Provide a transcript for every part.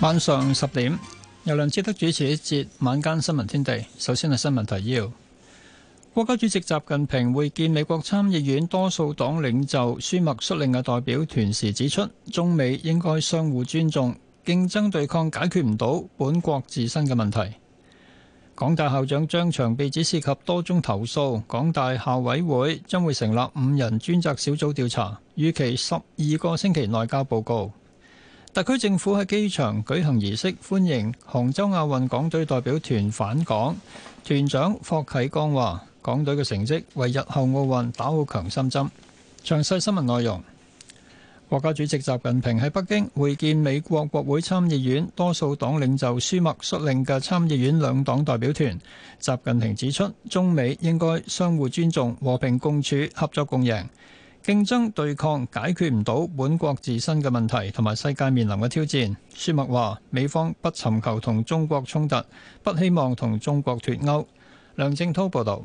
晚上十點，由梁志德主持一節晚間新聞天地。首先係新聞提要：國家主席習近平會見美國參議院多數黨領袖舒默率領嘅代表團時指出，中美應該相互尊重，競爭對抗解決唔到本國自身嘅問題。港大校長張翔被指涉及多宗投訴，港大校委會將會成立五人專責小組調查，預期十二個星期內交報告。特區政府喺機場舉行儀式歡迎杭州亞運港隊代表團返港，團長霍啟剛話：港隊嘅成績為日後奧運打好強心針。詳細新聞內容，國家主席習近平喺北京會見美國國會參議院多數黨領袖舒默率領嘅參議院兩黨代表團。習近平指出，中美應該相互尊重、和平共處、合作共贏。競爭對抗解決唔到本國自身嘅問題同埋世界面臨嘅挑戰。舒默話：美方不尋求同中國衝突，不希望同中國脫鉤。梁正滔報道。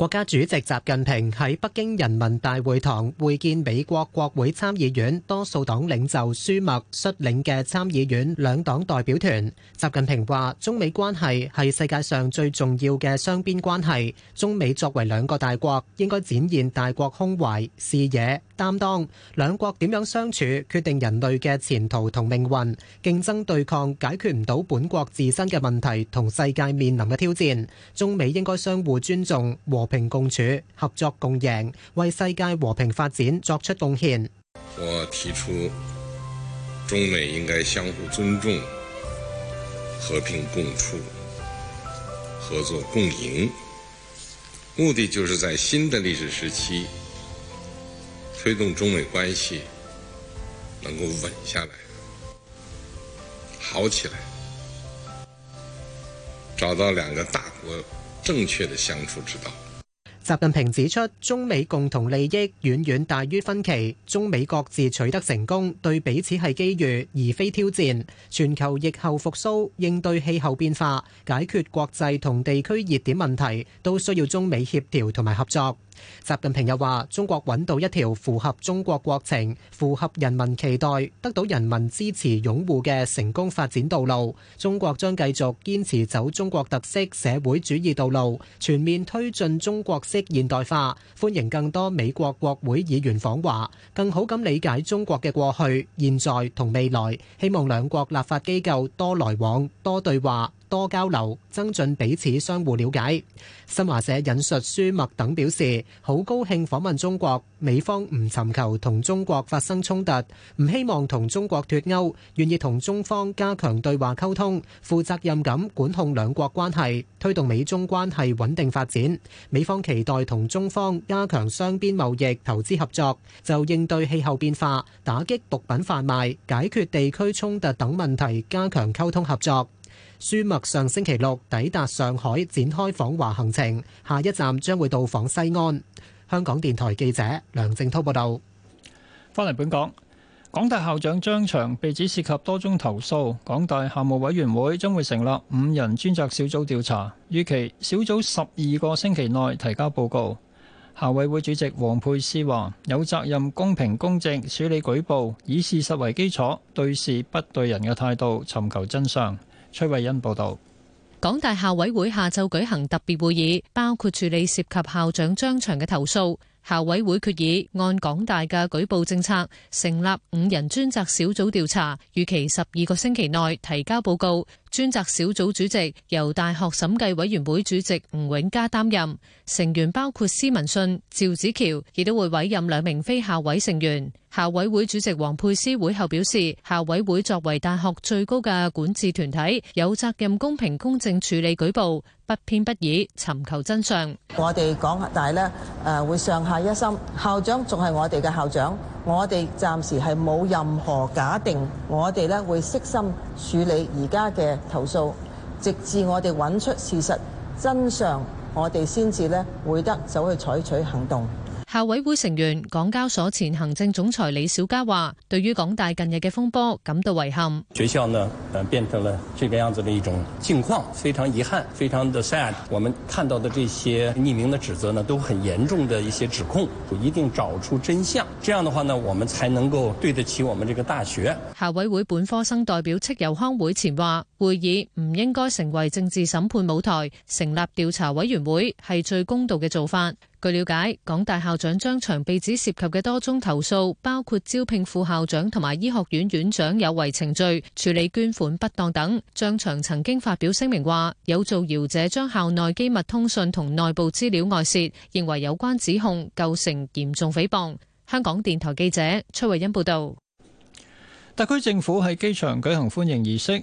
國家主席習近平喺北京人民大會堂會見美國國會參議院多數黨領袖舒默率領嘅參議院兩黨代表團。習近平話：中美關係係世界上最重要嘅雙邊關係。中美作為兩個大國，應該展現大國胸懷、視野、擔當。兩國點樣相處，決定人類嘅前途同命運。競爭對抗解決唔到本國自身嘅問題同世界面臨嘅挑戰。中美應該相互尊重和和平共處、合作共贏，為世界和平發展作出貢獻。我提出中美應該相互尊重、和平共處、合作共贏，目的就是在新的歷史時期推動中美關係能夠穩下來、好起來，找到兩個大國正確的相處之道。習近平指出，中美共同利益遠遠大於分歧，中美各自取得成功對彼此係機遇而非挑戰，全球疫後復蘇、應對氣候變化、解決國際同地區熱點問題，都需要中美協調同埋合作。習近平又話：中國揾到一條符合中國國情、符合人民期待、得到人民支持擁護嘅成功發展道路。中國將繼續堅持走中國特色社會主義道路，全面推進中國式現代化。歡迎更多美國國會議員訪華，更好咁理解中國嘅過去、現在同未來。希望兩國立法機構多來往、多對話。多交流，增進彼此相互了解。新華社引述舒默等表示，好高興訪問中國，美方唔尋求同中國發生衝突，唔希望同中國脫歐，願意同中方加強對話溝通，負責任咁管控兩國關係，推動美中關係穩定發展。美方期待同中方加強雙邊貿易、投資合作，就應對氣候變化、打擊毒品販賣、解決地區衝突等問題加強溝通合作。舒墨上星期六抵達上海，展開訪華行程，下一站將會到訪西安。香港電台記者梁正滔報導。翻嚟本港，港大校長張翔被指涉及多宗投訴，港大校務委員會將會成立五人專責小組調查，預期小組十二個星期內提交報告。校委會主席王沛詩話：有責任公平公正處理舉報，以事實為基礎，對事不對人嘅態度，尋求真相。崔慧欣報道，港大校委會下晝舉行特別會議，包括處理涉及校長張翔嘅投訴。校委會決議按港大嘅舉報政策，成立五人專責小組調查，預期十二個星期內提交報告。專責小組主席由大學審計委員會主席吳永嘉擔任，成員包括施文信、趙子喬，亦都會委任兩名非校委成員。校委會主席王佩斯會後表示，校委會作為大學最高嘅管治團體，有責任公平公正處理舉報，不偏不倚，尋求真相。我哋講，但係咧，誒，會上下一心，校長仲係我哋嘅校長，我哋暫時係冇任何假定，我哋咧會悉心處理而家嘅投訴，直至我哋揾出事實真相，我哋先至咧會得走去採取行動。校委會成員港交所前行政總裁李小加話，對於港大近日嘅風波感到遺憾。學校呢，變成了這個樣子的一種境況，非常遺憾，非常的 sad。我們看到的這些匿名的指責呢，都很嚴重的一些指控，就一定找出真相，這樣的話呢，我們才能夠對得起我們這個大學。校委會本科生代表戚友康會前話。會議唔應該成為政治審判舞台，成立調查委員會係最公道嘅做法。據了解，港大校長張翔被指涉及嘅多宗投訴，包括招聘副校長同埋醫學院院長有違程序、處理捐款不當等。張翔曾經發表聲明話，有造謠者將校內機密通訊同內部資料外泄，認為有關指控構成嚴重誹謗。香港電台記者崔慧欣報道。特區政府喺機場舉行歡迎儀式。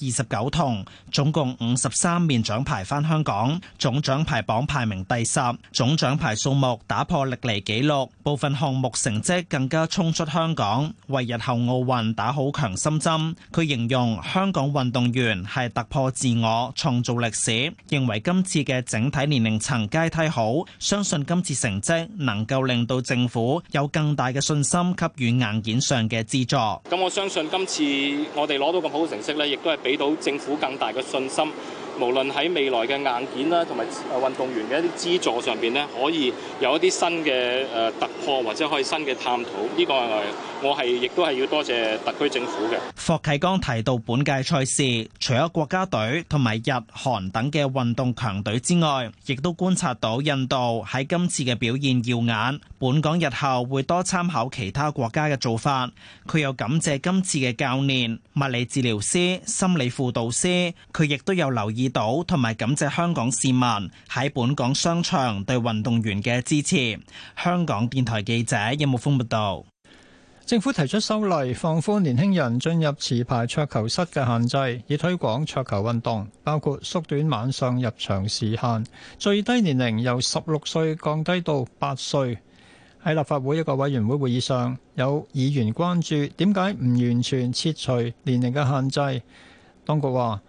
二十九銅，總共五十三面獎牌返香港，總獎牌榜排名第十，總獎牌數目打破歷嚟紀錄，部分項目成績更加衝出香港，為日後奧運打好強心針。佢形容香港運動員係突破自我，創造歷史，認為今次嘅整體年齡層階梯好，相信今次成績能夠令到政府有更大嘅信心給軟硬件上嘅資助。咁我相信今次我哋攞到咁好嘅成績咧，亦都係俾到政府更大嘅信心，無論喺未來嘅硬件啦，同埋運動員嘅一啲資助上邊咧，可以有一啲新嘅誒突破，或者可以新嘅探討。呢、這個係。我係亦都係要多謝特區政府嘅。霍啟剛提到本，本屆賽事除咗國家隊同埋日韓等嘅運動強隊之外，亦都觀察到印度喺今次嘅表現耀眼，本港日後會多參考其他國家嘅做法。佢又感謝今次嘅教練、物理治療師、心理輔導師，佢亦都有留意到同埋感謝香港市民喺本港商場對運動員嘅支持。香港電台記者殷木峯報導。政府提出修例放寬年輕人進入持牌桌球室嘅限制，以推廣桌球運動，包括縮短晚上入場時限，最低年齡由十六歲降低到八歲。喺立法會一個委員會會議上，有議員關注點解唔完全撤除年齡嘅限制。當局話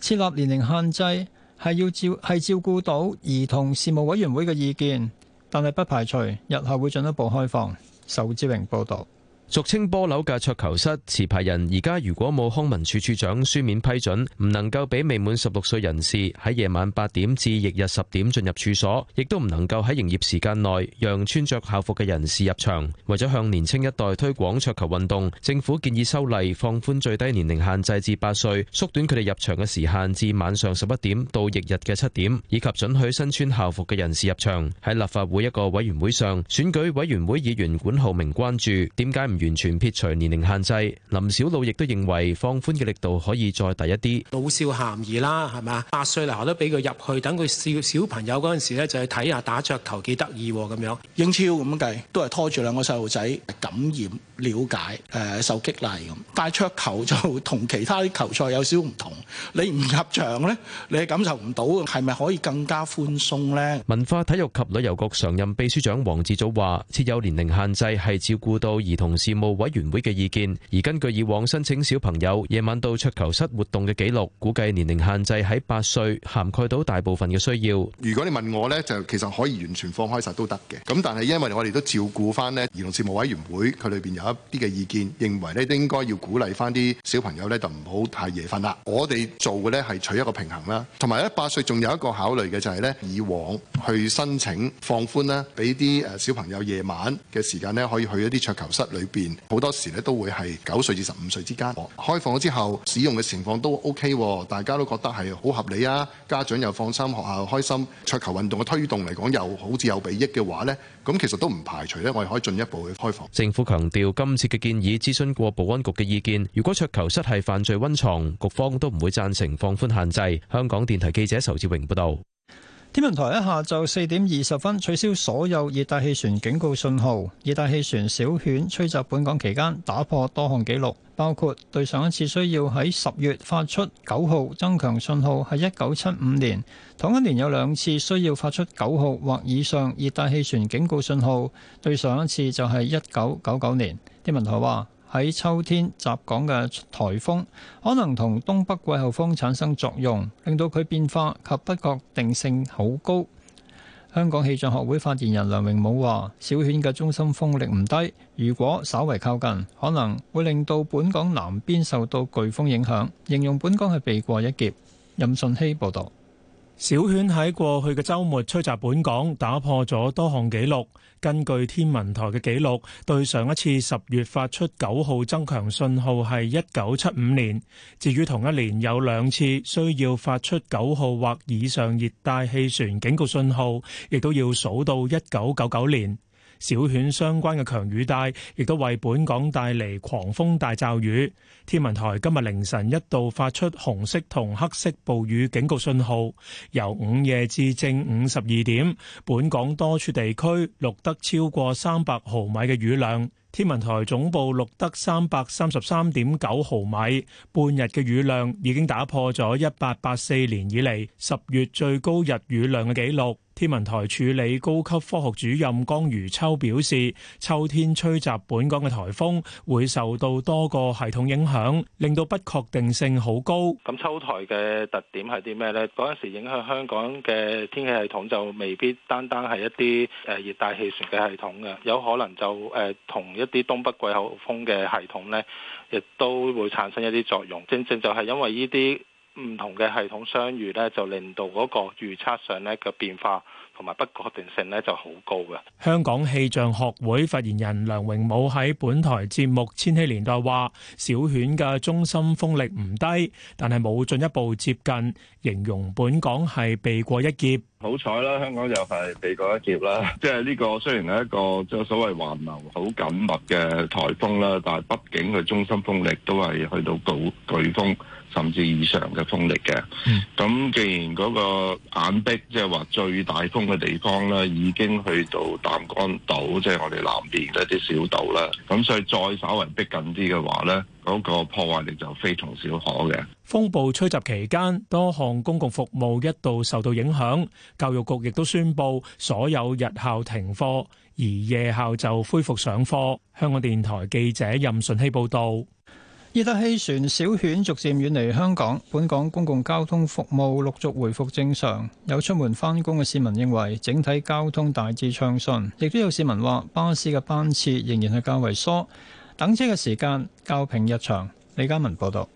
設立年齡限制係要照係照顧到兒童事務委員會嘅意見，但係不排除日後會進一步開放。仇志榮報道。俗稱波樓嘅桌球室持牌人而家如果冇康文署署長書面批准，唔能夠俾未滿十六歲人士喺夜晚八點至翌日十點進入處所，亦都唔能夠喺營業時間內讓穿着校服嘅人士入場。為咗向年青一代推廣桌球運動，政府建議修例放寬最低年齡限制至八歲，縮短佢哋入場嘅時限至晚上十一點到翌日嘅七點，以及准許身穿校服嘅人士入場。喺立法會一個委員會上，選舉委員會議員管浩鳴關注點解唔？完全撇除年齡限制，林小路亦都認為放寬嘅力度可以再大一啲，老少咸宜啦，係咪，八歲嚟都俾佢入去，等佢少小朋友嗰陣時咧就去睇下打桌球幾得意咁樣，英超咁計都係拖住兩個細路仔感染。了解誒受激勵咁，但係桌球就同其他啲球賽有少唔同。你唔入場呢，你感受唔到，係咪可以更加寬鬆呢？文化體育及旅遊局常任秘書長黃智祖話：設有年齡限制係照顧到兒童事務委員會嘅意見，而根據以往申請小朋友夜晚到桌球室活動嘅記錄，估計年齡限制喺八歲涵蓋到大部分嘅需要。如果你問我呢，就其實可以完全放開晒都得嘅。咁但係因為我哋都照顧返呢，兒童事務委員會，佢裏邊有。一啲嘅意見，認為咧應該要鼓勵翻啲小朋友呢就唔好太夜瞓啦。我哋做嘅呢係取一個平衡啦，同埋咧八歲仲有一個考慮嘅就係呢：以往去申請放寬啦，俾啲誒小朋友夜晚嘅時間呢，可以去一啲桌球室裏邊，好多時呢，都會係九歲至十五歲之間開放咗之後，使用嘅情況都 OK 喎，大家都覺得係好合理啊，家長又放心，學校又開心，桌球運動嘅推動嚟講又好似有裨益嘅話呢。咁其實都唔排除咧，我哋可以進一步去開放。政府強調今次嘅建議諮詢過保安局嘅意見，如果桌球室係犯罪溫床，局方都唔會贊成放寬限制。香港電台記者仇志榮報道。天文台喺下晝四點二十分取消所有熱帶氣旋警告信號。熱帶氣旋小犬吹襲本港期間打破多項紀錄，包括對上一次需要喺十月發出九號增強信號係一九七五年，同一年有兩次需要發出九號或以上熱帶氣旋警告信號，對上一次就係一九九九年。天文台話。喺秋天襲港嘅台風可能同東北季候風產生作用，令到佢變化及不確定性好高。香港氣象學會發言人梁榮武話，小犬嘅中心風力唔低，如果稍為靠近，可能會令到本港南邊受到颶風影響，形容本港係避過一劫。任順希報道。小犬喺過去嘅周末吹襲本港，打破咗多項紀錄。根據天文台嘅記錄，對上一次十月發出九號增強信號係一九七五年。至於同一年有兩次需要發出九號或以上熱帶氣旋警告信號，亦都要數到一九九九年。小犬相關嘅強雨帶，亦都為本港帶嚟狂風大驟雨。天文台今日凌晨一度發出紅色同黑色暴雨警告信號，由午夜至正午十二點，本港多處地區錄得超過三百毫米嘅雨量。天文台總部錄得三百三十三點九毫米，半日嘅雨量已經打破咗一八八四年以嚟十月最高日雨量嘅紀錄。天文台助理高級科學主任江如秋表示，秋天吹襲本港嘅颱風會受到多個系統影響，令到不確定性好高。咁秋台嘅特點係啲咩呢？嗰陣時影響香港嘅天氣系統就未必單單係一啲誒熱帶氣旋嘅系統嘅，有可能就誒同一啲東北季候風嘅系統呢，亦都會產生一啲作用。正正就係因為呢啲。唔同嘅系統相遇呢，就令到嗰個預測上呢嘅變化同埋不確定性呢就好高嘅。香港氣象學會發言人梁榮武喺本台節目《千禧年代》話：小犬嘅中心風力唔低，但係冇進一步接近，形容本港係避過一劫。好彩啦，香港又係避過一劫啦。即係呢個雖然係一個即所謂環流好緊密嘅台風啦，但係畢竟佢中心風力都係去到暴、颶風甚至以上嘅風力嘅。咁、嗯、既然嗰個眼壁即係話最大風嘅地方咧，已經去到淡江島，即、就、係、是、我哋南邊嘅一啲小島啦。咁所以再稍為逼近啲嘅話咧。嗰個破壞力就非同小可嘅。風暴吹襲期間，多項公共服務一度受到影響，教育局亦都宣布所有日校停課，而夜校就恢復上課。香港電台記者任順希報道。熱帶氣旋小犬逐漸遠離香港，本港公共交通服務陸續回復正常。有出門返工嘅市民認為，整體交通大致暢順，亦都有市民話，巴士嘅班次仍然係較為疏。等車嘅時間較平日長。李嘉文報導。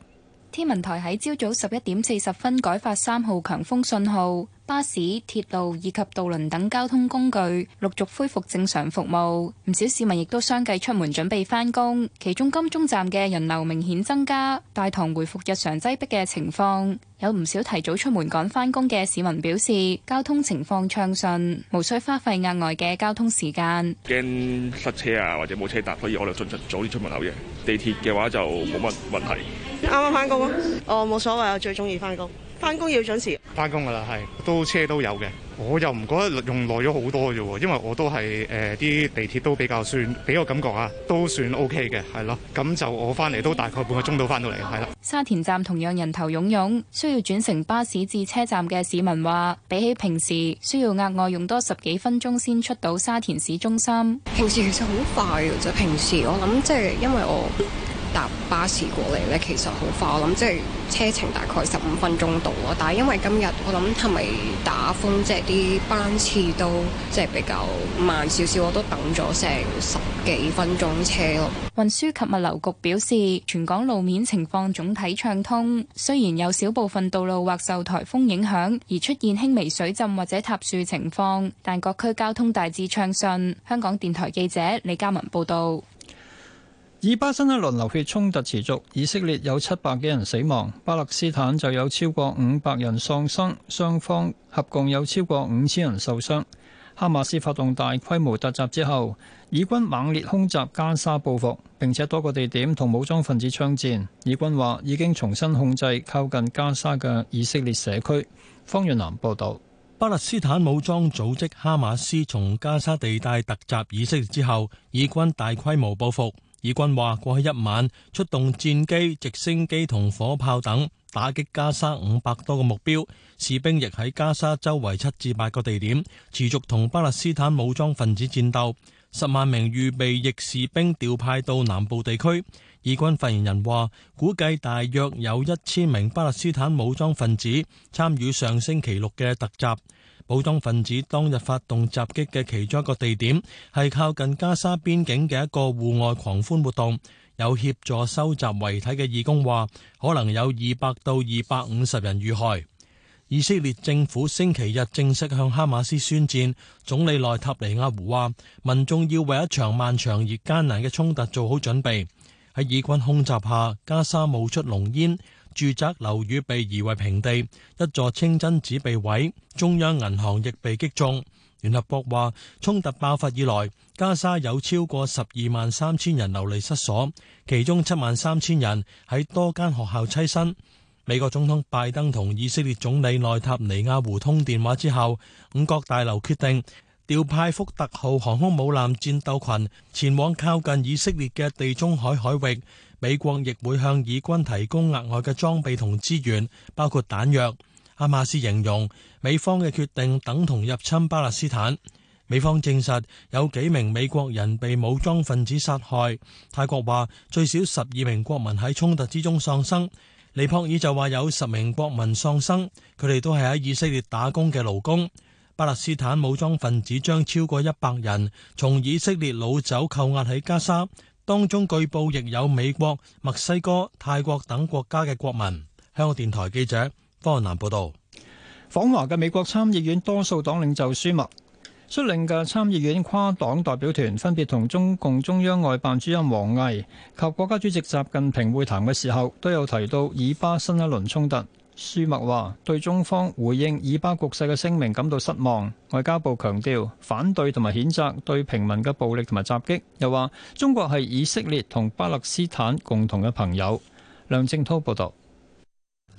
天文台喺朝早十一點四十分改發三號強風訊號。巴士、鐵路以及渡輪等交通工具陸續恢復正常服務，唔少市民亦都相繼出門準備返工。其中金鐘站嘅人流明顯增加，大堂回復日常擠迫嘅情況。有唔少提早出門趕返工嘅市民表示，交通情況暢順，無需花費額外嘅交通時間。驚塞車啊，或者冇車搭，所以我哋盡早啲出門口嘅。地鐵嘅話就冇乜問題。啱啱翻工啊！我，冇所謂啊，我最中意翻工。翻工要準時，翻工噶啦，係都車都有嘅。我又唔覺得用耐咗好多啫喎，因為我都係誒啲地鐵都比較算，俾我感覺啊，都算 OK 嘅，係咯。咁就我翻嚟都大概半個鐘到翻到嚟嘅，係啦。沙田站同樣人頭湧湧，需要轉乘巴士至車站嘅市民話，比起平時需要額外用多十幾分鐘先出到沙田市中心。平時其實好快嘅、啊、啫，平時我諗即係因為我。搭巴士過嚟呢，其實好快，我諗即係車程大概十五分鐘到咯。但係因為今日我諗，係咪打風即係啲班次都即係比較慢少少，我都等咗成十幾分鐘車咯。運輸及物流局表示，全港路面情況總體暢通，雖然有少部分道路或受台風影響而出現輕微水浸或者塌樹情況，但各區交通大致暢順。香港電台記者李嘉文報道。以巴新一輪流血衝突持續，以色列有七百幾人死亡，巴勒斯坦就有超過五百人喪生，雙方合共有超過五千人受傷。哈馬斯發動大規模突襲之後，以軍猛烈空襲加沙報復，並且多個地點同武裝分子槍戰。以軍話已經重新控制靠近加沙嘅以色列社區。方潤南報道：巴勒斯坦武裝組織哈馬斯從加沙地帶突襲以色列之後，以軍大規模報復。以軍話過去一晚出動戰機、直升機同火炮等打擊加沙五百多個目標，士兵亦喺加沙周圍七至八個地點持續同巴勒斯坦武裝分子戰鬥。十萬名預備役士兵調派到南部地區。以軍發言人話，估計大約有一千名巴勒斯坦武裝分子參與上星期六嘅突襲。武裝分子當日發動襲擊嘅其中一個地點係靠近加沙邊境嘅一個戶外狂歡活動。有協助收集遺體嘅義工話，可能有二百到二百五十人遇害。以色列政府星期日正式向哈馬斯宣戰。總理內塔尼亞胡話：民眾要為一場漫長而艱難嘅衝突做好準備。喺以軍空襲下，加沙冒出濃煙。.住宅樓宇被夷為平地，一座清真寺被毀，中央銀行亦被擊中。聯合國話，衝突爆發以來，加沙有超過十二萬三千人流離失所，其中七萬三千人喺多間學校棲身。美國總統拜登同以色列總理內塔尼亞胡通電話之後，五角大樓決定調派福特號航空母艦戰，戰鬥群前往靠近以色列嘅地中海海域。美國亦會向以軍提供額外嘅裝備同資源，包括彈藥。阿馬斯形容美方嘅決定等同入侵巴勒斯坦。美方證實有幾名美國人被武裝分子殺害。泰國話最少十二名國民喺衝突之中喪生。尼泊爾就話有十名國民喪生，佢哋都係喺以色列打工嘅勞工。巴勒斯坦武裝分子將超過一百人從以色列擄走扣押喺加沙。當中據報亦有美國、墨西哥、泰國等國家嘅國民。香港電台記者方翰南報道，訪華嘅美國參議院多數黨領袖舒默率領嘅參議院跨黨代表團，分別同中共中央外辦主任王毅及國家主席習近平會談嘅時候，都有提到以巴新一輪衝突。舒默話對中方回應以巴局勢嘅聲明感到失望，外交部強調反對同埋譴責對平民嘅暴力同埋襲擊，又話中國係以色列同巴勒斯坦共同嘅朋友。梁正滔報道。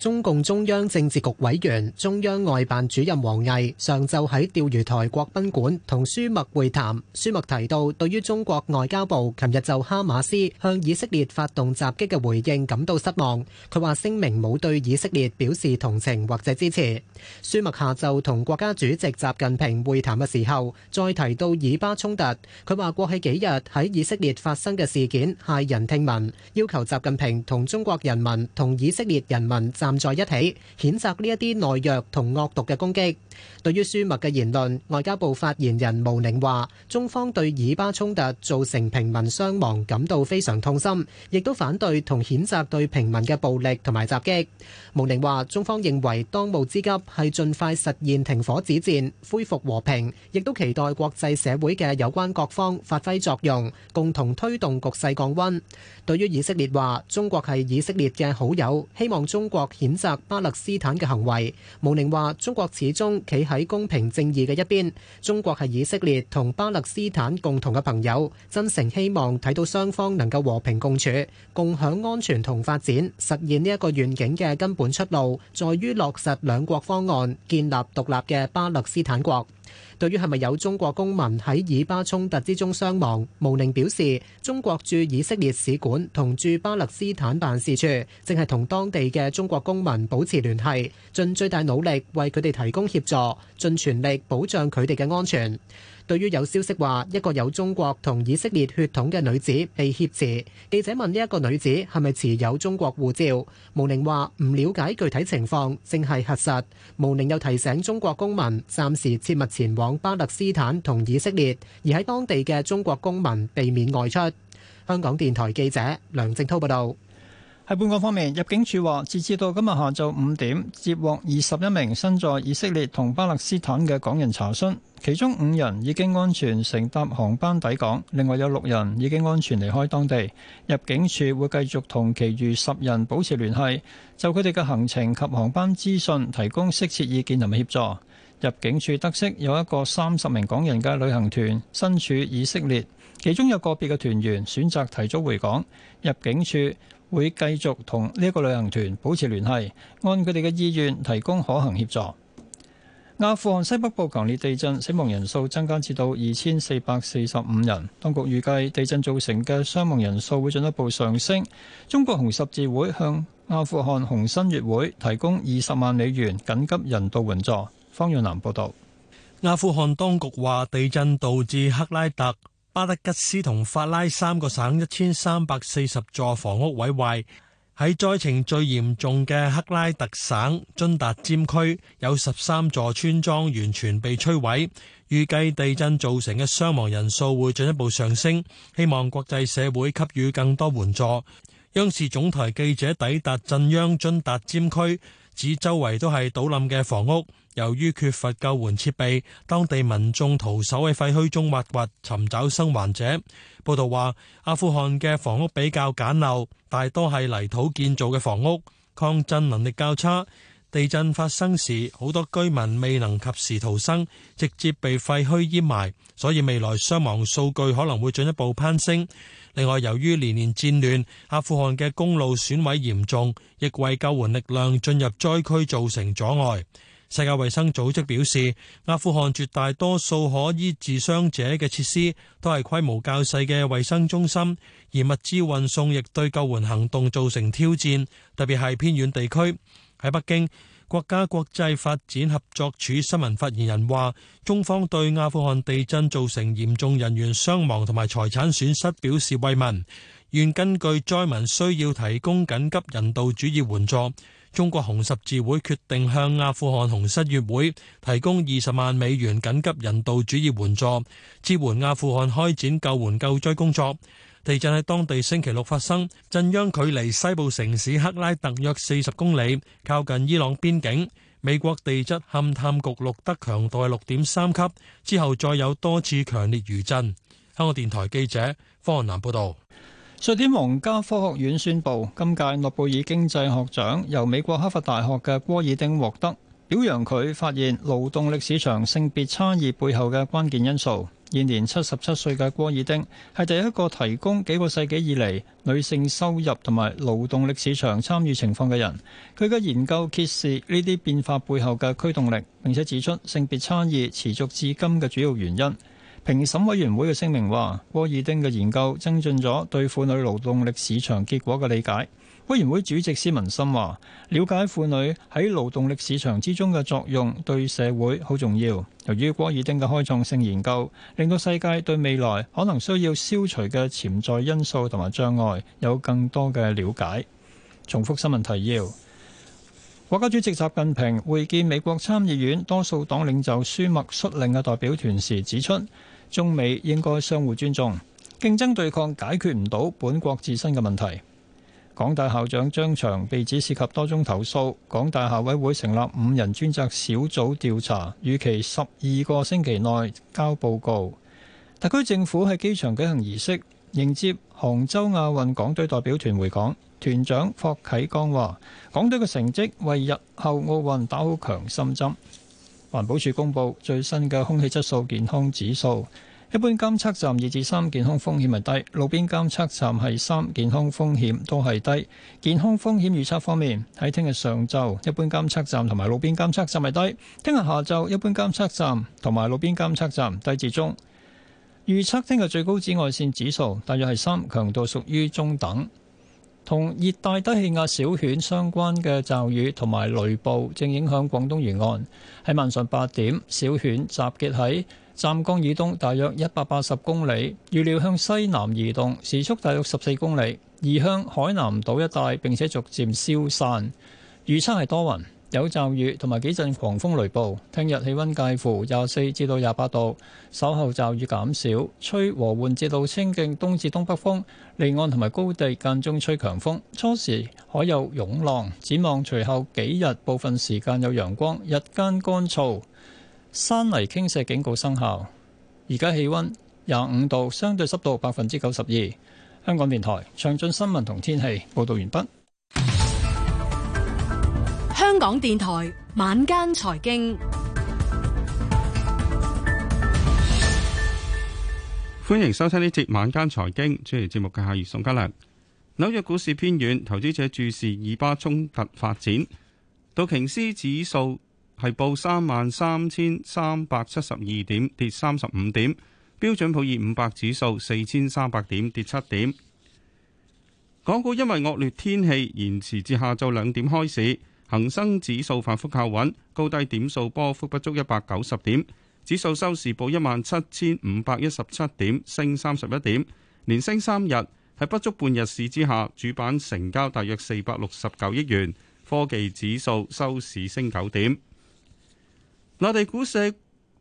中共中央政治局委員、中央外辦主任王毅上晝喺釣魚台國賓館同舒默會談。舒默提到對於中國外交部琴日就哈馬斯向以色列發動襲擊嘅回應感到失望，佢話聲明冇對以色列表示同情或者支持。舒默下晝同國家主席習近平會談嘅時候，再提到以巴衝突，佢話過去幾日喺以色列發生嘅事件駭人聽聞，要求習近平同中國人民同以色列人民在一起，譴責呢一啲懦弱同惡毒嘅攻擊。對於舒默嘅言論，外交部發言人毛寧話，中方對以巴衝突造成平民傷亡感到非常痛心，亦都反對同譴責對平民嘅暴力同埋襲擊。毛寧話：中方認為當務之急係盡快實現停火止戰、恢復和平，亦都期待國際社會嘅有關各方發揮作用，共同推動局勢降温。對於以色列話中國係以色列嘅好友，希望中國譴責巴勒斯坦嘅行為。毛寧話：中國始終企喺公平正義嘅一邊，中國係以色列同巴勒斯坦共同嘅朋友，真誠希望睇到雙方能夠和平共處，共享安全同發展，實現呢一個願景嘅根本。本出路在於落實兩國方案，建立獨立嘅巴勒斯坦國。對於係咪有中國公民喺以巴衝突之中傷亡，毛寧表示中國駐以色列使館同駐巴勒斯坦辦事處正係同當地嘅中國公民保持聯繫，盡最大努力為佢哋提供協助，盡全力保障佢哋嘅安全。對於有消息話一個有中國同以色列血統嘅女子被挾持，記者問呢一個女子係咪持有中國護照，毛寧話唔了解具體情況，正係核實。毛寧又提醒中國公民暫時切勿。前往巴勒斯坦同以色列，而喺當地嘅中國公民避免外出。香港電台記者梁正滔報道。喺本港方面，入境處話，截至到今日下晝五點，接獲二十一名身在以色列同巴勒斯坦嘅港人查詢，其中五人已經安全乘搭航班抵港，另外有六人已經安全離開當地。入境處會繼續同其餘十人保持聯繫，就佢哋嘅行程及航班資訊提供適切意見同埋協助。入境處得悉有一個三十名港人嘅旅行團身處以色列，其中有個別嘅團員選擇提早回港。入境處會繼續同呢個旅行團保持聯繫，按佢哋嘅意願提供可行協助。阿富汗西北部強烈地震，死亡人數增加至到二千四百四十五人。當局預計地震造成嘅傷亡人數會進一步上升。中國紅十字會向阿富汗紅新月會提供二十萬美元緊急人道援助。方遠南報道，阿富汗當局話，地震導致克拉特、巴德吉斯同法拉三個省一千三百四十座房屋毀壞。喺災情最嚴重嘅克拉特省津達尖區，有十三座村莊完全被摧毀。預計地震造成嘅傷亡人數會進一步上升。希望國際社會給予更多援助。央視總台記者抵達震央津達尖區，指周圍都係倒冧嘅房屋。由於缺乏救援設備，當地民眾徒手喺廢墟中挖掘，尋找生還者。報道話，阿富汗嘅房屋比較簡陋，大多係泥土建造嘅房屋，抗震能力較差。地震發生時，好多居民未能及時逃生，直接被廢墟淹埋，所以未來傷亡數據可能會進一步攀升。另外，由於連年戰亂，阿富汗嘅公路損毀嚴重，亦為救援力量進入災區造成阻礙。世界衛生組織表示，阿富汗絕大多數可醫治傷者嘅設施都係規模較細嘅衛生中心，而物資運送亦對救援行動造成挑戰，特別係偏遠地區。喺北京，國家國際發展合作署新聞發言人話，中方對阿富汗地震造成嚴重人員傷亡同埋財產損失表示慰問。願根據災民需要，提供緊急人道主義援助。中國紅十字會決定向阿富汗紅十字會提供二十萬美元緊急人道主義援助，支援阿富汗開展救援救災工作。地震喺當地星期六發生，震央距離西部城市克拉特約四十公里，靠近伊朗邊境。美國地質勘探局錄得強度係六點三級，之後再有多次強烈餘震。香港電台記者方漢南報道。瑞典皇家科學院宣布，今屆諾貝爾經濟學獎由美國哈佛大學嘅戈爾丁獲得，表揚佢發現勞動力市場性別差異背後嘅關鍵因素。現年七十七歲嘅戈爾丁係第一個提供幾個世紀以嚟女性收入同埋勞動力市場參與情況嘅人。佢嘅研究揭示呢啲變化背後嘅驅動力，並且指出性別差異持續至今嘅主要原因。評審委員會嘅聲明話：戈爾丁嘅研究增進咗對婦女勞動力市場結果嘅理解。委員會主席斯文森話：了解婦女喺勞動力市場之中嘅作用，對社會好重要。由於戈爾丁嘅開創性研究，令到世界對未來可能需要消除嘅潛在因素同埋障礙有更多嘅了解。重複新聞提要：國家主席習近平會見美國參議院多數黨領袖舒默率領嘅代表團時指出。中美應該相互尊重，競爭對抗解決唔到本國自身嘅問題。港大校長張翔被指涉及多宗投訴，港大校委會成立五人專責小組調查，預期十二個星期內交報告。特區政府喺機場舉行儀式，迎接杭州亞運港隊代表團回港。團長霍啟剛話，港隊嘅成績為日後奧運打好強心針。環保署公布最新嘅空氣質素健康指數，一般監測站二至三健康風險係低，路邊監測站係三健康風險都係低。健康風險預測方面，喺聽日上晝，一般監測站同埋路邊監測站係低；聽日下晝，一般監測站同埋路邊監測站低至中。預測聽日最高紫外線指數大約係三，強度屬於中等。同熱帶低氣壓小犬相關嘅驟雨同埋雷暴正影響廣東沿岸。喺晚上八點，小犬集結喺湛江以東大約一百八十公里，預料向西南移動，時速大約十四公里，移向海南島一帶並且逐漸消散。預測係多雲，有驟雨同埋幾陣狂風雷暴，聽日氣溫介乎廿四至到廿八度，稍後驟雨減少，吹和緩至到清勁東至東北風，離岸同埋高地間中吹強風，初時可有湧浪，展望隨後幾日部分時間有陽光，日間乾燥，山泥傾瀉警告生效。而家氣溫廿五度，相對濕度百分之九十二。香港電台詳盡新聞同天氣報道完畢。香港電台晚間財經，歡迎收聽呢節晚間財經，主持節目嘅係宋嘉良。紐約股市偏軟，投資者注視以巴衝突發展。道瓊斯指數係報三萬三千三百七十二點，跌三十五點。標準普爾五百指數四千三百點，跌七點。港股因為惡劣天氣，延遲至下晝兩點開始。恒生指數反覆靠穩，高低點數波幅不足一百九十點，指數收市報一萬七千五百一十七點，升三十一點，連升三日。喺不足半日市之下，主板成交大約四百六十九億元。科技指數收市升九點。內地股市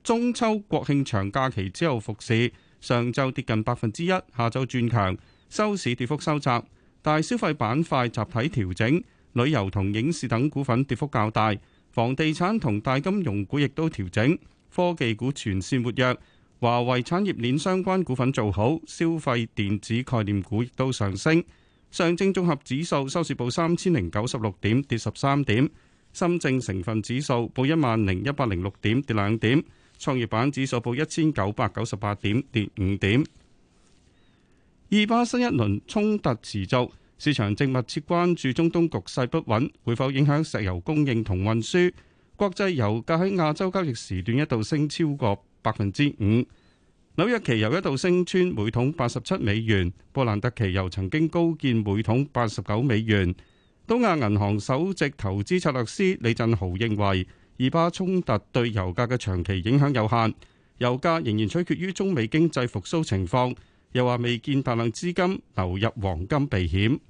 中秋國慶長假期之後復市，上晝跌近百分之一，下晝轉強，收市跌幅收窄，大消費板塊集體調整。旅遊同影視等股份跌幅較大，房地產同大金融股亦都調整，科技股全線活躍，華為產業鏈相關股份做好，消費電子概念股亦都上升。上證綜合指數收市報三千零九十六點，跌十三點；深證成分指數報一萬零一百零六點，跌兩點；創業板指數報一千九百九十八點，跌五點。以巴新一輪衝突持續。市場正密切關注中東局勢不穩，會否影響石油供應同運輸？國際油價喺亞洲交易時段一度升超過百分之五，紐約期油一度升穿每桶八十七美元，布蘭特期油曾經高見每桶八十九美元。東亞銀行首席投資策略師李振豪認為，以巴衝突對油價嘅長期影響有限，油價仍然取決於中美經濟復蘇情況。又話未見大量資金流入黃金避險。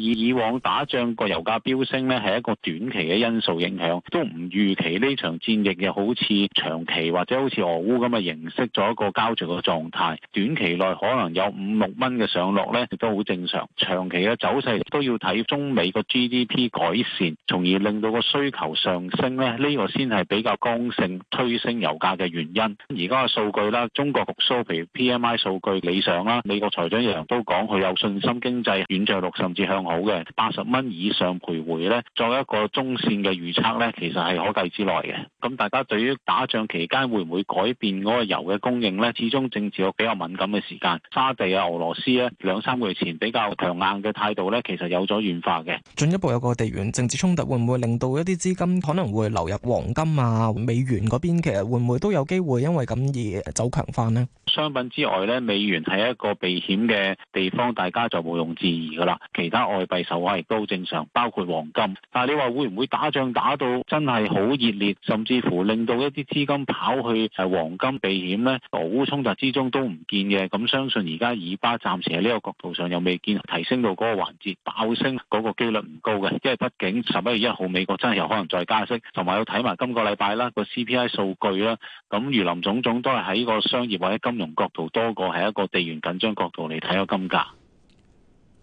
以往打仗個油價飆升呢，係一個短期嘅因素影響，都唔預期呢場戰役嘅好似長期或者好似俄烏咁嘅形式，做一個膠著嘅狀態。短期內可能有五六蚊嘅上落呢，亦都好正常。長期嘅走勢都要睇中美個 GDP 改善，從而令到個需求上升呢。呢、呢個先係比較剛性推升油價嘅原因。而家嘅數據啦，中國復蘇，譬如 P M I 數據理想啦，美國財長亦都講佢有信心經濟軟著陸，甚至向。好嘅，八十蚊以上徘徊咧，作為一個中線嘅預測咧，其實係可計之內嘅。咁大家對於打仗期間會唔會改變嗰個油嘅供應咧，始終政治有比較敏感嘅時間，沙地啊、俄羅斯咧，兩三個月前比較強硬嘅態度咧，其實有咗軟化嘅。進一步有一個地緣政治衝突會唔會令到一啲資金可能會流入黃金啊、美元嗰邊？其實會唔會都有機會因為咁而走強翻咧？商品之外咧，美元係一個避險嘅地方，大家就毋庸置疑噶啦。其他外幣受亦都正常，包括黃金。但係你話會唔會打仗打到真係好熱烈，甚至乎令到一啲資金跑去係黃金避險呢？俄烏衝突之中都唔見嘅。咁相信而家以巴暫時喺呢個角度上又未見提升到嗰個環節爆升，嗰個機率唔高嘅，因為畢竟十一月一號美國真係有可能再加息，同埋要睇埋今個禮拜啦個 CPI 數據啦。咁如林總總都係喺個商業或者金融角度多過係一個地緣緊張角度嚟睇個金價。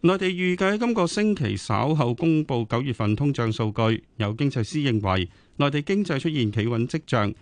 內地預計今個星期稍後公布九月份通脹數據，有經濟師認為內地經濟出現企穩跡象，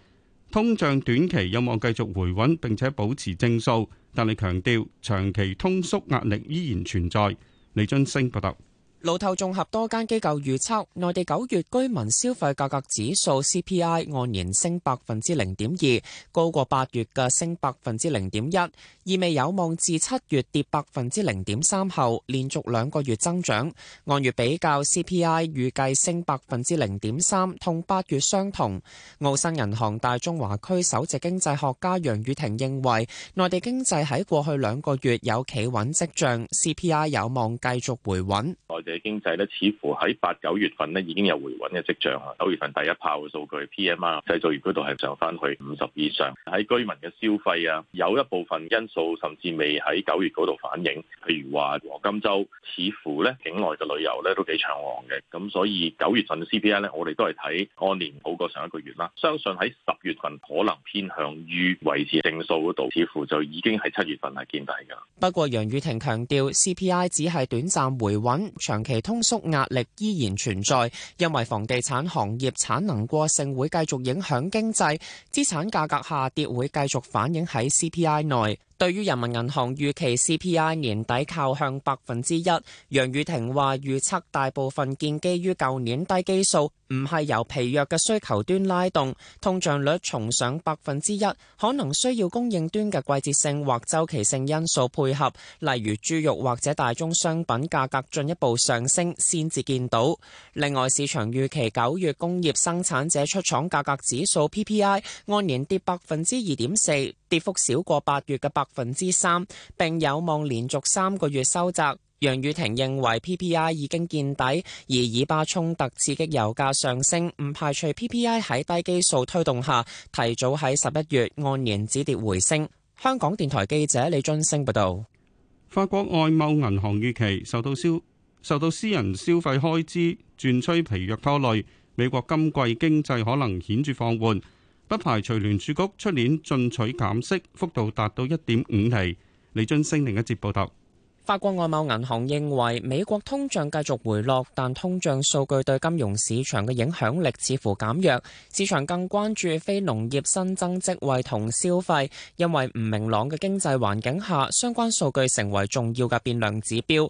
通脹短期有望繼續回穩，並且保持正數，但係強調長期通縮壓力依然存在。李俊升報道。路透綜合多間機構預測，內地九月居民消費價格指數 CPI 按年升百分之零點二，高過八月嘅升百分之零點一，意味有望自七月跌百分之零點三後，連續兩個月增長。按月比較 CPI 預計升百分之零點三，同八月相同。澳新銀行大中華區首席經濟學家楊宇婷認為，內地經濟喺過去兩個月有企穩跡象，CPI 有望繼續回穩。謝謝嘅經濟咧，似乎喺八九月份咧已經有回穩嘅跡象啊！九月份第一炮嘅數據 PMI 製造業嗰度係上返去五十以上，喺居民嘅消費啊，有一部分因素甚至未喺九月嗰度反映，譬如話黃金周似乎咧，境內嘅旅遊咧都幾暢旺嘅，咁所以九月份嘅 CPI 咧，我哋都係睇按年好過上一個月啦。相信喺十月份可能偏向於維持正數嗰度，似乎就已經係七月份係見底噶。不過楊雨婷強調，CPI 只係短暫回穩，長其通縮壓力依然存在，因為房地產行業產能過剩會繼續影響經濟，資產價格下跌會繼續反映喺 CPI 內。對於人民銀行預期 CPI 年底靠向百分之一，楊宇婷話預測大部分建基於舊年低基數，唔係由疲弱嘅需求端拉動。通脹率重上百分之一，可能需要供應端嘅季節性或周期性因素配合，例如豬肉或者大宗商品價格進一步上升先至見到。另外，市場預期九月工業生產者出廠價格指數 PPI 按年跌百分之二點四。跌幅少過八月嘅百分之三，並有望連續三個月收窄。楊雨婷認為 PPI 已經見底，而以巴衝突刺激油價上升，唔排除 PPI 喺低基數推動下提早喺十一月按年止跌回升。香港電台記者李津升報道，法國外貿銀行預期受到消受到私人消費開支轉趨疲弱拖累，美國今季經濟可能顯著放緩。不排除聯儲局出年進取減息幅度達到一點五釐。李俊升另一節報道。法國外貿銀行認為美國通脹繼續回落，但通脹數據對金融市場嘅影響力似乎減弱。市場更關注非農業新增職位同消費，因為唔明朗嘅經濟環境下，相關數據成為重要嘅變量指標。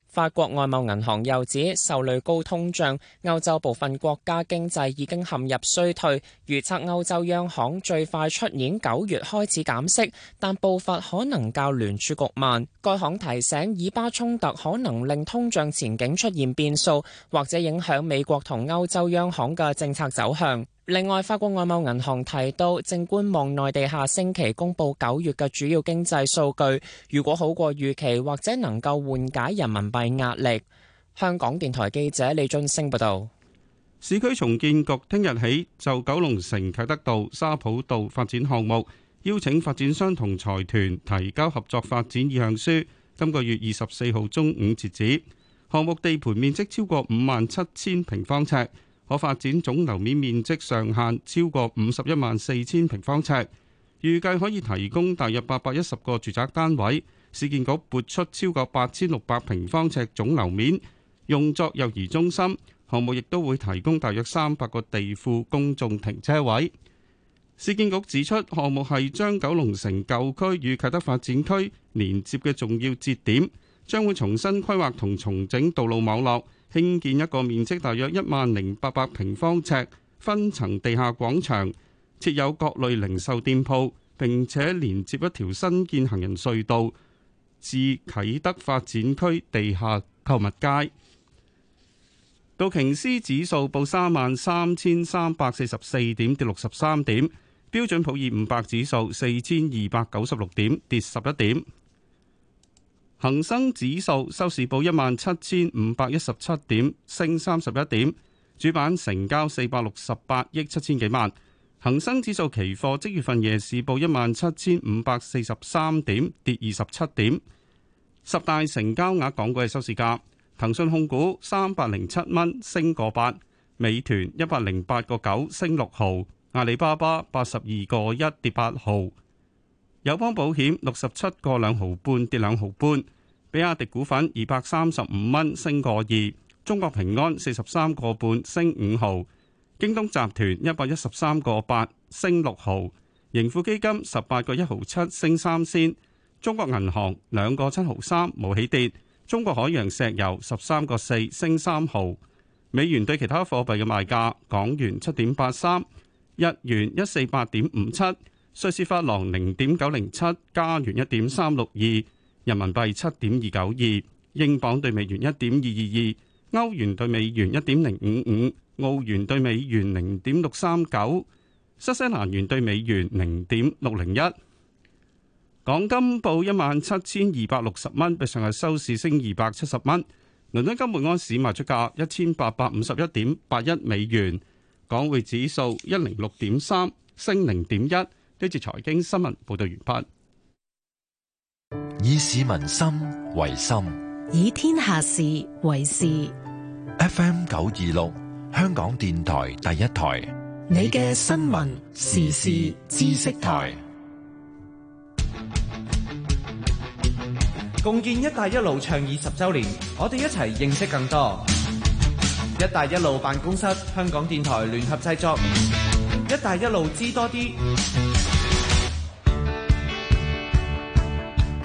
法國外貿銀行又指，受累高通脹，歐洲部分國家經濟已經陷入衰退，預測歐洲央行最快出年九月開始減息，但步伐可能較聯儲局慢。該行提醒，以巴衝突可能令通脹前景出現變數，或者影響美國同歐洲央行嘅政策走向。另外，法國外貿銀行提到，正觀望內地下星期公布九月嘅主要經濟數據，如果好過預期，或者能夠緩解人民幣壓力。香港電台記者李俊升報導。市區重建局聽日起就九龍城啟德道、沙浦道發展項目，邀請發展商同財團提交合作發展意向書，今個月二十四號中午截止。項目地盤面積超過五萬七千平方尺。可發展總樓面面積上限超過五十一萬四千平方尺，預計可以提供大約八百一十個住宅單位。市建局撥出超過八千六百平方尺總樓面用作幼兒中心，項目亦都會提供大約三百個地庫公眾停車位。市建局指出，項目係將九龍城舊區與啟德發展區連接嘅重要節點，將會重新規劃同重整道路網絡。興建一個面積大約一萬零八百平方尺，分層地下廣場，設有各類零售店鋪，並且連接一條新建行人隧道至啟德發展區地下購物街。道瓊斯指數報三萬三千三百四十四點，跌六十三點；標準普爾五百指數四千二百九十六點，跌十一點。恒生指數收市報一萬七千五百一十七點，升三十一點。主板成交四百六十八億七千幾萬。恒生指數期貨即月份夜市報一萬七千五百四十三點，跌二十七點。十大成交額港股嘅收市價：騰訊控股三百零七蚊，升個八；美團一百零八個九，升六毫；阿里巴巴八十二個一，跌八毫。友邦保險六十七個兩毫半，跌兩毫半，比亞迪股份二百三十五蚊升個二，中國平安四十三個半升五毫，京東集團一百一十三個八升六毫，盈富基金十八個一毫七升三仙，中國銀行兩個七毫三冇起跌，中國海洋石油十三個四升三毫，美元對其他貨幣嘅賣價，港元七點八三，日元一四八點五七。瑞士法郎零點九零七，加元一點三六二，人民幣七點二九二，英鎊兌美元一點二二二，歐元兌美元一點零五五，澳元兌美元零點六三九，新西蘭元兌美元零點六零一。港金報一萬七千二百六十蚊，比上日收市升二百七十蚊。倫敦金每安士賣出價一千八百五十一點八一美元，港匯指數一零六點三，升零點一。呢節財經新聞報道完畢，以市民心為心，以天下事為事。FM 九二六香港電台第一台，你嘅新聞時事知識台，共建“一帶一路”倡議十周年，我哋一齊認識更多。“一帶一路”辦公室，香港電台聯合製作。“一帶一路”知多啲。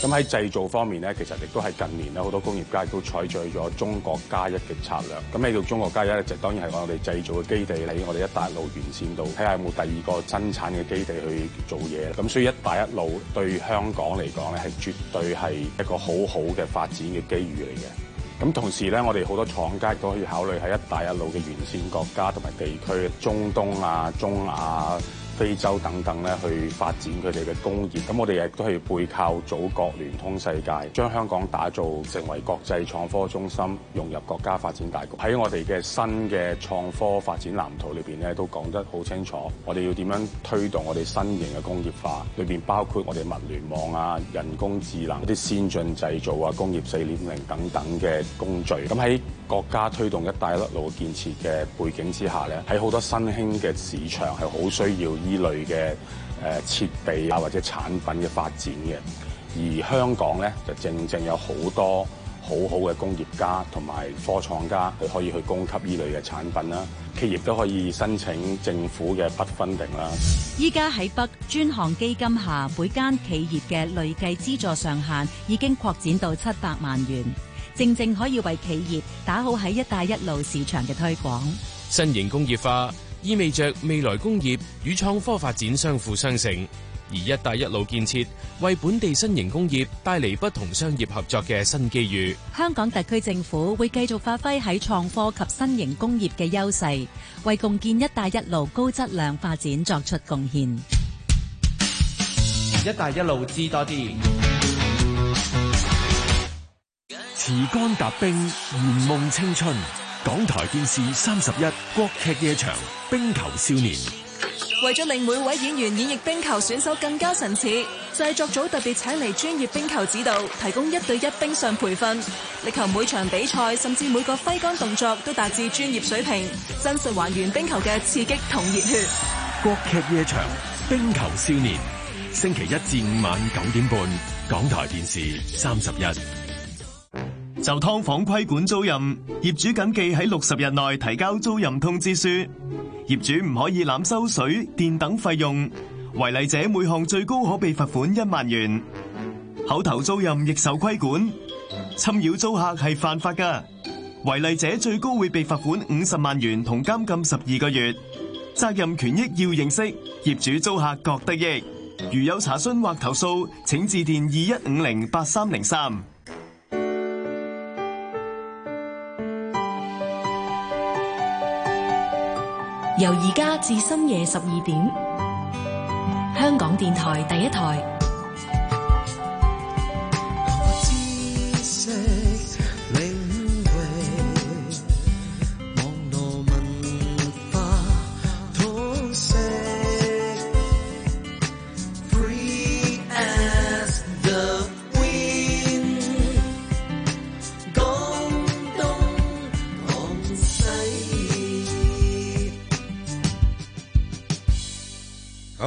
咁喺製造方面咧，其實亦都係近年咧，好多工業界都採取咗中國加一嘅策略。咁咧叫中國加一咧，就當然係我哋製造嘅基地，喺我哋一帶一路完善度，睇下有冇第二個生產嘅基地去做嘢。咁所以一帶一路對香港嚟講咧，係絕對係一個好好嘅發展嘅機遇嚟嘅。咁同時咧，我哋好多廠家都可以考慮喺一帶一路嘅完善國家同埋地區，中東啊、中亞、非洲等等咧，去發展佢哋嘅工業。咁我哋亦都係背靠祖國聯通世界，將香港打造成為國際創科中心，融入國家發展大局。喺我哋嘅新嘅創科發展藍圖裏邊咧，都講得好清楚，我哋要點樣推動我哋新型嘅工業化，裏邊包括我哋物聯網啊、人工智能、一啲先進製造啊、工業四點零等等嘅工序。咁喺國家推動一帶一路建設嘅背景之下咧，喺好多新興嘅市場係好需要依類嘅誒設備啊，或者產品嘅發展嘅。而香港咧就正正有很多很好多好好嘅工業家同埋科創家，佢可以去供給依類嘅產品啦。企業都可以申請政府嘅 BUD Fund 啦。依家喺 BUD 專項基金下，每間企業嘅累計資助上限已經擴展到七百萬元。正正可以為企業打好喺一帶一路市場嘅推廣。新型工業化意味着未來工業與創科發展相輔相成，而一帶一路建設為本地新型工業帶嚟不同商業合作嘅新機遇。香港特區政府會繼續發揮喺創科及新型工業嘅優勢，為共建一帶一路高質量發展作出貢獻。一帶一路知多啲。持竿踏冰，圓夢青春。港台電視三十一，國劇夜場《冰球少年》。為咗令每位演員演繹冰球選手更加神似，製作組特別請嚟專業冰球指導，提供一對一冰上培訓，力求每場比賽甚至每個揮杆動作都達至專業水平，真實還原冰球嘅刺激同熱血。國劇夜場《冰球少年》，星期一至五晚九點半，港台電視三十一。就劏房規管租賃，業主謹記喺六十日內提交租賃通知書。業主唔可以濫收水電等費用，違例者每項最高可被罰款一萬元。口頭租賃亦受規管，侵擾租客係犯法噶。違例者最高會被罰款五十萬元同監禁十二個月。責任權益要認識，業主租客各得益。如有查詢或投訴，請致電二一五零八三零三。由而家至深夜十二點，香港電台第一台。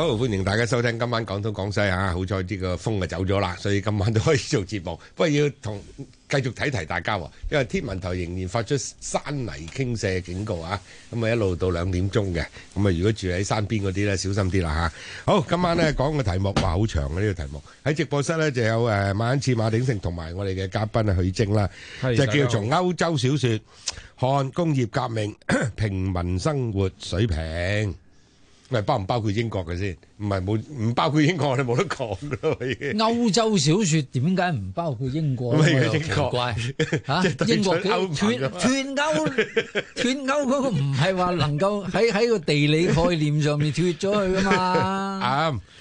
好，歡迎大家收聽今晚廣東廣西啊！好彩呢個風啊走咗啦，所以今晚都可以做節目。不過要同繼續睇題大家、啊，因為天文台仍然發出山泥傾瀉嘅警告啊！咁啊、嗯、一路到兩點鐘嘅，咁啊如果住喺山邊嗰啲咧，小心啲啦吓。好，今晚咧講嘅題目話好長嘅、啊、呢、呢個題目喺直播室咧就有誒馬恩次馬鼎盛同埋我哋嘅嘉賓去許啦，就是、叫從歐洲小說看工業革命 平民生活水平。唔係包唔包括英國嘅先，唔係冇唔包括英國我都冇得講咯。已經歐洲小説點解唔包括英國？英國奇怪。嘅、啊、 英國，嚇脱脱歐脱 歐嗰個唔係話能夠喺喺個地理概念上面脱咗去㗎嘛。嗯。